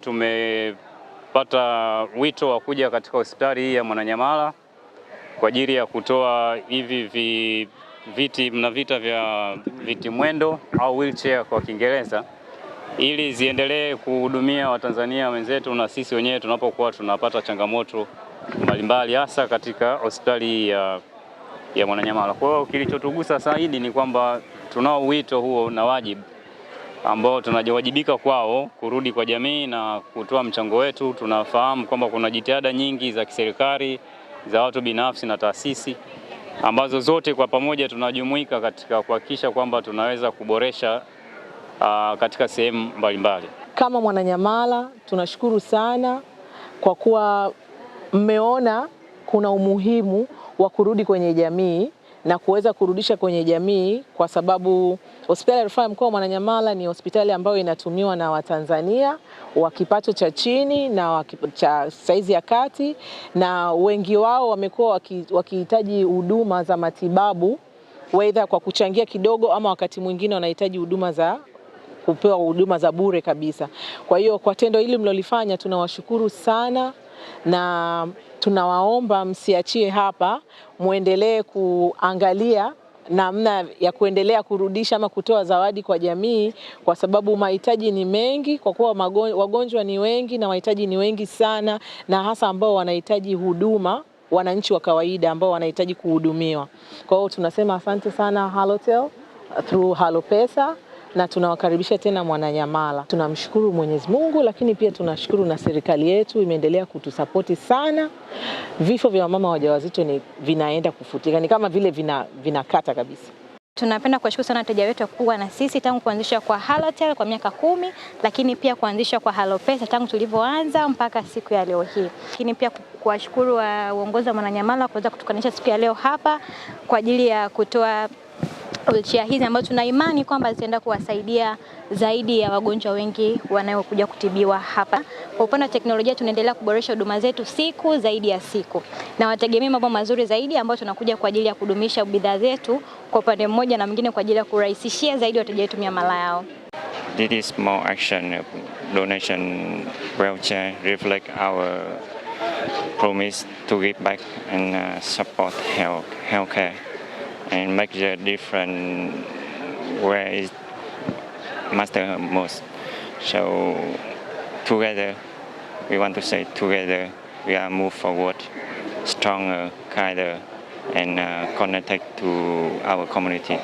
Tumepata wito wa kuja katika hospitali hii ya Mwananyamala kwa ajili ya kutoa hivi vi, viti mnavita vya viti mwendo au wheelchair kwa Kiingereza ili ziendelee kuhudumia Watanzania wenzetu na sisi wenyewe tunapokuwa tunapata changamoto mbalimbali hasa katika hospitali hii ya, ya Mwananyamala. Kwa hiyo kilichotugusa zaidi ni kwamba tunao wito huo na wajibu ambao tunajiwajibika kwao kurudi kwa jamii na kutoa mchango wetu. Tunafahamu kwamba kuna jitihada nyingi za kiserikali, za watu binafsi na taasisi ambazo zote kwa pamoja tunajumuika katika kuhakikisha kwamba tunaweza kuboresha uh, katika sehemu mbalimbali. Kama Mwananyamala tunashukuru sana kwa kuwa mmeona kuna umuhimu wa kurudi kwenye jamii na kuweza kurudisha kwenye jamii, kwa sababu hospitali ya rufaa ya mkoa wa Mwananyamala ni hospitali ambayo inatumiwa na Watanzania wa kipato cha chini na cha saizi ya kati, na wengi wao wamekuwa wakihitaji huduma za matibabu weidha kwa kuchangia kidogo, ama wakati mwingine wanahitaji huduma za kupewa huduma za bure kabisa. Kwa hiyo kwa tendo hili mlolifanya tunawashukuru sana na tunawaomba msiachie hapa, muendelee kuangalia namna ya kuendelea kurudisha ama kutoa zawadi kwa jamii, kwa sababu mahitaji ni mengi, kwa kuwa wagonjwa ni wengi na wahitaji ni wengi sana, na hasa ambao wanahitaji huduma, wananchi wa kawaida ambao wanahitaji kuhudumiwa. Kwa hiyo tunasema asante sana Halotel uh, through Halopesa na tunawakaribisha tena Mwananyamala. Tunamshukuru Mwenyezi Mungu, lakini pia tunashukuru na serikali yetu imeendelea kutusapoti sana. Vifo vya wamama wajawazito ni vinaenda kufutika, ni kama vile vina, vinakata kabisa. Tunapenda kuwashukuru sana wateja wetu kuwa na sisi tangu kuanzisha kwa Halotel kwa miaka kumi, lakini pia kuanzisha kwa Halopesa tangu tulivyoanza mpaka siku ya leo hii. Lakini pia kuwashukuru uh, uongozi wa Mwananyamala kuweza kutukanisha siku ya leo hapa kwa ajili ya kutoa wheelchair hizi ambazo tuna imani kwamba zitaenda kuwasaidia zaidi ya wagonjwa wengi wanaokuja kutibiwa hapa. Kwa upande wa teknolojia, tunaendelea kuboresha huduma zetu siku zaidi ya siku, na wategemea mambo mazuri zaidi ambayo tunakuja kwa ajili ya kudumisha bidhaa zetu kwa upande mmoja na mwingine, kwa ajili ya kurahisishia zaidi wateja wetu miamala yao. This more action donation wheelchair reflect our promise to give back and uh, support health, healthcare. and make the different ways master matter most. So together, we want to say together, we are move forward, stronger, kinder, and uh, connected to our community.